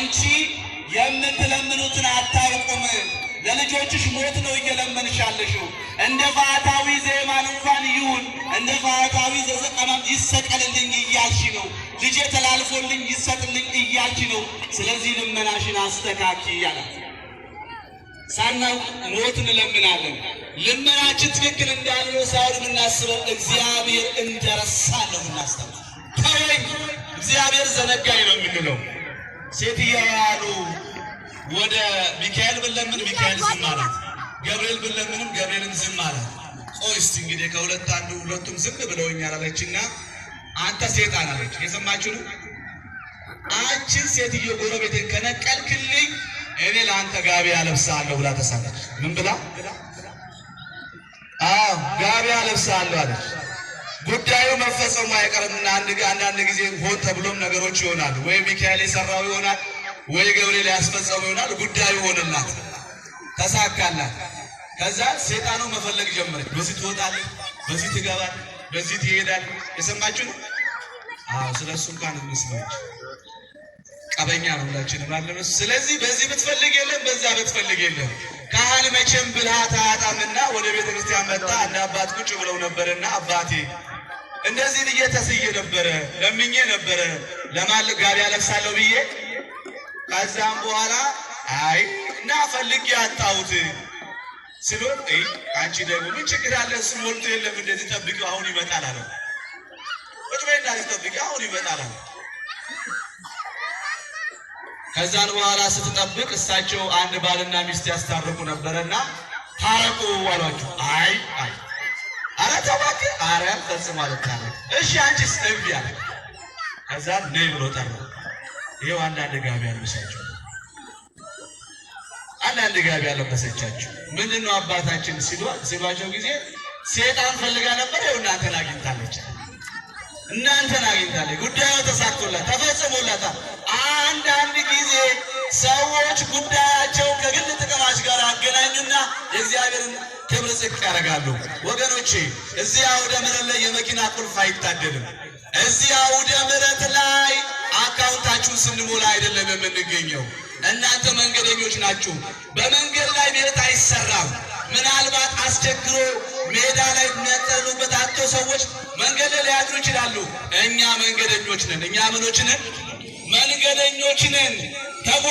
አንቺ የምትለምኑትን አታውቁም፣ ለልጆችሽ ሞት ነው እየለመንሻለሽው። እንደ ፋታዊ ዘየማን እንኳን ይሁን እንደ ፋታዊ ዘዘቀማም ይሰቀልልኝ እያልሽ ነው። ልጄ ተላልፎልኝ ይሰጥልኝ እያልሽ ነው። ስለዚህ ልመናሽን አስተካኪ እያላት ሳናውቅ ሞት እንለምናለን። ልመናችን ትክክል እንዳለው ሳይሆን የምናስበው እግዚአብሔር እንደረሳለሁ እናስታውስ። ተወኝ እግዚአብሔር ዘነጋኝ ነው የምንለው ሴትዮዋ ያሉ ወደ ሚካኤል ብለምን ሚካኤል ዝም አላት። ገብርኤል ብለምንም ገብርኤልን ዝም አላት። ቆይ እስቲ እንግዲህ ከሁለት አንዱ ሁለቱም ዝም ብለውኛል አለችና አንተ ሴጣን አለች። የሰማችሁ ነው። አንቺን ሴትዮ ጎረቤቴን ከነቀልክልኝ እኔ ለአንተ ጋቢ አለብሳለሁ ብላ ተሳለች። ምን ብላ? አዎ ጋቢ አለብሳለሁ አለች። ጉዳዩ መፈጸሙ አይቀርምና አንዳንድ ጊዜ ሆን ተብሎም ነገሮች ይሆናል። ወይ ሚካኤል የሰራው ይሆናል፣ ወይ ገብርኤል ያስፈጸመው ይሆናል። ጉዳዩ ሆነላት፣ ተሳካላት። ከዛ ሴጣኑ መፈለግ ጀመረች። በዚህ ትወጣለች፣ በዚህ ትገባል፣ በዚህ ትሄዳል። የሰማችሁ ነው? አዎ፣ ስለ እሱ እንኳን ምስለች ቀበኛ ነው ሁላችን ባለነ። ስለዚህ በዚህ ብትፈልግ የለም፣ በዛ ብትፈልግ የለም። ካህን መቼም ብልሃት አያጣምና ወደ ቤተ ክርስቲያን መጣ። አንድ አባት ቁጭ ብለው ነበርና አባቴ እንደዚህ ብዬ ተስዬ ነበረ፣ ለምኜ ነበረ ለማል ጋቢ ያለብሳለሁ ብዬ። ከዛም በኋላ አይ እና ፈልጌ አጣሁት ስሎን አንቺ ደግሞ ምን ችግር አለ? ስሞልቶ የለም እንደዚህ ጠብቂው፣ አሁን ይመጣል አለ። ቁጭ በይ እንዳለች ጠብቂው፣ አሁን ይመጣል አለ። ከዛን በኋላ ስትጠብቅ እሳቸው አንድ ባልና ሚስት ያስታርቁ ነበረና ታረቁ አሏቸው። አይ አይ ኧረ ተው እባክህ፣ ፈጽሞ አልታረቅም። እሺ አንቺስ እምቢ አለ። ከዛ ነይ ብሎ ጠራ። ይኸው አንዳንድ ጋቢ አልብሳቸው፣ አንዳንድ ጋቢ አለበሰቻቸው። ምንድን ነው አባታችን ሲሏቸው ጊዜ ሴጣን ፈልጋ ነበር። ይኸው እናንተን አግኝታለች፣ እናንተን አግኝታለች። ጉዳዩ ተሳክቶላት ተፈጽሞላታል። አንዳንድ ጊዜ ሰዎች ጉዳያቸው ከግል ጥቅማች ጋር አገናኙና የእግዚአብሔርን ክብር ዝቅ ያደርጋሉ። ወገኖቼ እዚህ አውደ ምረት ላይ የመኪና ቁልፍ አይታደልም። እዚህ አውደ ምረት ላይ አካውንታችሁን ስንሞላ አይደለም የምንገኘው። እናንተ መንገደኞች ናችሁ። በመንገድ ላይ ቤት አይሰራም። ምናልባት አስቸግሮ ሜዳ ላይ የሚያጠሉበት አቶ ሰዎች መንገድ ላይ ሊያድሩ ይችላሉ። እኛ መንገደኞች ነን። እኛ ምኖች ነን? መንገደኞች ነን።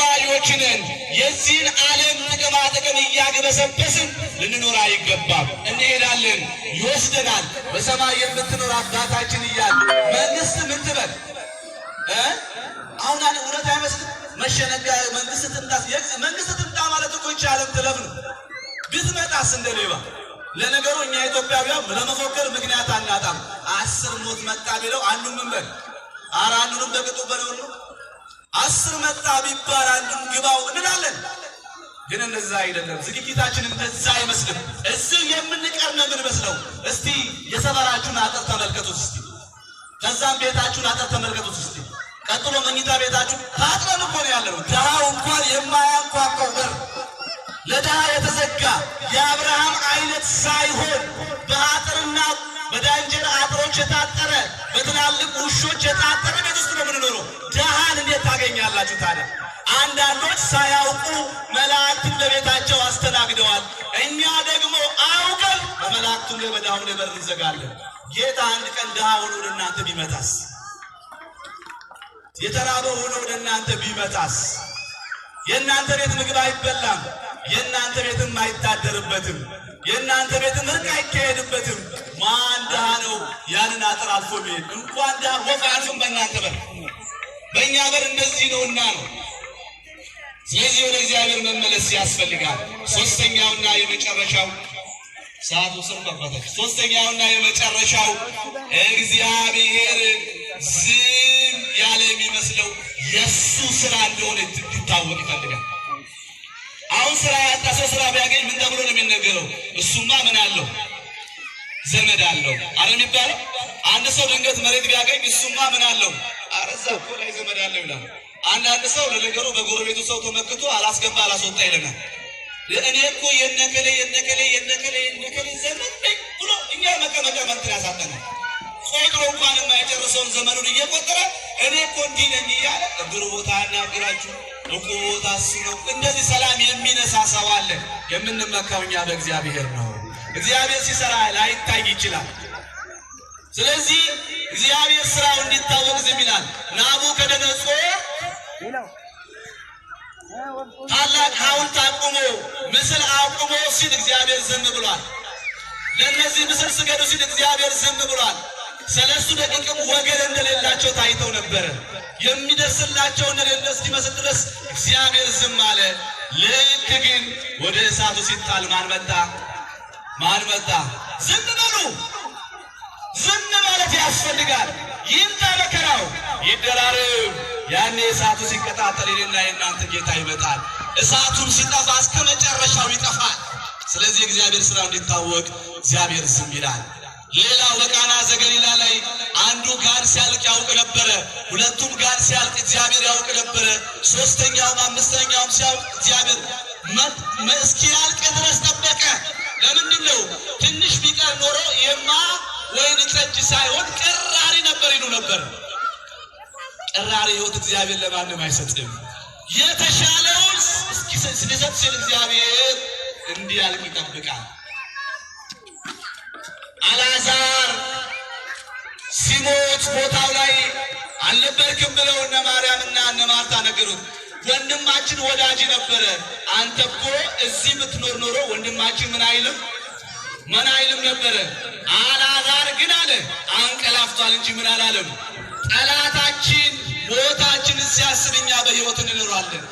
ተጓዦችንን የዚህን ዓለም ጥቅማ ጥቅም እያግበሰበስን ልንኖር አይገባም። እንሄዳለን፣ ይወስደናል። በሰማይ የምትኖር አባታችን እያለ መንግስት ምን ትበል? አሁን እውነት አይመስልም። መሸነጋ መንግስት ትምጣ መንግስት ትምጣ ማለት እኮ ይቻለም ትለፍ ነው። ብትመጣስ እንደ ሌባ ለነገሩ እኛ ኢትዮጵያውያን ለመፎከር ምክንያት አናጣም። አስር ሞት መጣ ቢለው አንዱ ምንበል አራ አንዱንም በቅጡ በለው አስር መጣ ቢባል አንዱን ግባው እንላለን። ግን እንደዛ አይደለም። ዝግጅታችን እንደዛ አይመስልም። እዚህ የምንቀር ነው የምንመስለው። እስቲ የሰፈራችሁን አጥር ተመልከቱት። እስቲ ከዛም ቤታችሁን አጥር ተመልከቱት። እስቲ ቀጥሎ መኝታ ቤታችሁ ታጥረን እኮ ነው ያለው። ድሃው እንኳን የማያንኳኳው በር ለድሃ የተዘጋ የአብርሃም አይነት ሳይሆን በአጥርና በዳንጀር አጥሮች የታጠረ በትላልቅ ውሾች የታጠረ ቤት ውስጥ ነው የምንኖረው። ይመስላችሁታል? አንዳንዶች ሳያውቁ መላእክትን ለቤታቸው አስተናግደዋል። እኛ ደግሞ አውቀን በመላእክቱም ላይ በዳሁን በር እንዘጋለን። ጌታ አንድ ቀን ድሃ ሆኖ ወደ እናንተ ቢመጣስ? የተራበ ሆኖ ወደ እናንተ ቢመጣስ? የእናንተ ቤት ምግብ አይበላም። የእናንተ ቤትም አይታደርበትም። የእናንተ ቤትም እርቅ አይካሄድበትም። ማን ድሃ ነው ያንን አጥር አልፎ ቢሄድ? እንኳን ድሃ ወፍ አያርፍም በእናንተ በር በእኛ በር እንደዚህ ነውና ነው። ስለዚህ ወደ እግዚአብሔር መመለስ ያስፈልጋል። ሶስተኛውና የመጨረሻው ሰዓቱ ስር ከፈተች። ሶስተኛውና የመጨረሻው እግዚአብሔር ዝም ያለ የሚመስለው የእሱ ስራ እንደሆነ እንዲታወቅ ይፈልጋል። አሁን ስራ ያጣ ሰው ስራ ቢያገኝ ምን ተብሎ ነው የሚነገረው? እሱማ ምን አለው ዘመድ አለው አለ የሚባለው። አንድ ሰው ድንገት መሬት ቢያገኝ እሱማ ምን አለው እዛ ላይ ዘመድ ይላል። አንዳንድ ሰው ለነገሩ በጎረቤቱ ሰው ተመክቶ አላስገባ አላስወጣ ይለናል። እኔ እኮ የነከለ የነከሌ የነከሌ የነከሌ ዘመን ነኝ ብሎ እኛ መቀመጫ መንትን ያሳጠናል። ቆጥሮ እንኳን የማይጨርሰውን ዘመኑን እየቆጠረ እኔ እኮ እንዲህ ነኝ እያለ ቦታ ያናግራችሁ ቦታ እንደዚህ ሰላም የሚነሳ ሰው አለ። የምንመካው እኛ በእግዚአብሔር ነው። እግዚአብሔር ሲሰራ ላይታይ ይችላል። ስለዚህ እግዚአብሔር ስራው እንዲታወቅ ዝም ይላል። ናቡከደነጾር ታላቅ ሐውልት አቁሞ ምስል አቁሞ ሲል እግዚአብሔር ዝም ብሏል። ለእነዚህ ምስል ስገዱ ሲል እግዚአብሔር ዝም ብሏል። ሰለስቱ ደቂቅም ወገን እንደሌላቸው ታይተው ነበረ። የሚደርስላቸው እንደሌለ እስኪመስል ድረስ እግዚአብሔር ዝም አለ። ልክ ግን ወደ እሳቱ ሲጣል ማን መጣ? ማን መጣ? ዝም በሉ ዝም ማለት ያስፈልጋል። ይምጣ መከራው ይደራረብ። ያኔ እሳቱ ሲቀጣጠል የኔና የእናንተ ጌታ ይመጣል። እሳቱም ሲጠፋ እስከ መጨረሻው ይጠፋል። ስለዚህ እግዚአብሔር ሥራው እንዲታወቅ እግዚአብሔር ዝም ይላል። ሌላው በቃና ዘገሊላ ላይ አንዱ ጋን ሲያልቅ ያውቅ ነበረ። ሁለቱም ጋን ሲያልቅ እግዚአብሔር ያውቅ ነበረ። ሶስተኛውም አምስተኛውም ሲያውቅ እግዚአብሔር እስኪያልቅ ድረስ ጠበቀ። ለምንድን ነው? ትንሽ ቢቀር ኖሮ የማ ወይን ጠጅ ሳይሆን ቅራሪ ነበር ይሉ ነበር። ቅራሪ ህይወት እግዚአብሔር ለማንም አይሰጥም። የተሻለውን ስንሰጥ ሲል እግዚአብሔር እንዲያልቅ ይጠብቃል። አላዛር ሲሞት ቦታው ላይ አልነበርክም ብለው እነ ማርያምና እነ ማርታ ነገሩት። ወንድማችን ወዳጅ ነበረ፣ አንተ እኮ እዚህ ብትኖር ኖሮ ወንድማችን ምን አይልም ምን አይልም ነበረ። አልዓዛር ግን አለ አንቀላፍቷል እንጂ ምን አላለም። ጠላታችን ሞታችንን ሲያስብ እኛ በሕይወት እንኖራለን።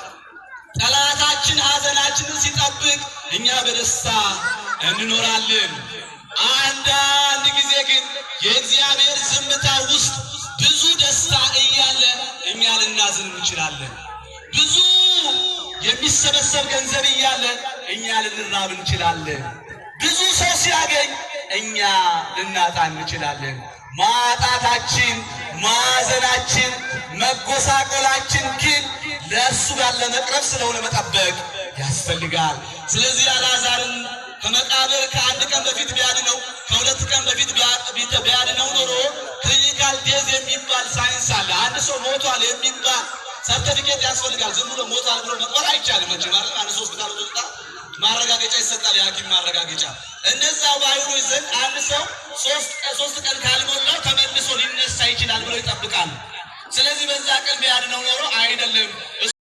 ጠላታችን ሐዘናችንን ሲጠብቅ እኛ በደስታ እንኖራለን። አንዳንድ ጊዜ ግን የእግዚአብሔር ዝምታ ውስጥ ብዙ ደስታ እያለ እኛ ልናዝን እንችላለን። ብዙ የሚሰበሰብ ገንዘብ እያለ እኛ ልንራብ እንችላለን። ብዙ ሰው ሲያገኝ እኛ ልናጣ እንችላለን። ማጣታችን፣ ማዘናችን፣ መጎሳቆላችን ግን ለእርሱ ጋር ለመቅረብ ስለሆነ መጠበቅ ያስፈልጋል። ስለዚህ አላዛርን ከመቃብር ከአንድ ቀን በፊት ቢያድነው ከሁለት ቀን በፊት ቢያድነው ኖሮ ክሊኒካል ዴዝ የሚባል ሳይንስ አለ። አንድ ሰው ሞቷል የሚባል ሰርተፊኬት ያስፈልጋል። ዝም ብሎ ሞቷል ብሎ መቅበር አይቻልም። መቼ ማለት አንድ ሰው ሆስፒታል ወጣ ማረጋገጫ ይሰጣል፣ የሐኪም ማረጋገጫ። እነዛ በአይሁዶች ዘንድ አንድ ሰው ሶስት ቀን ካልሞላው ተመልሶ ሊነሳ ይችላል ብሎ ይጠብቃል። ስለዚህ በዛ ቀን ቢያድነው ኖሮ አይደለም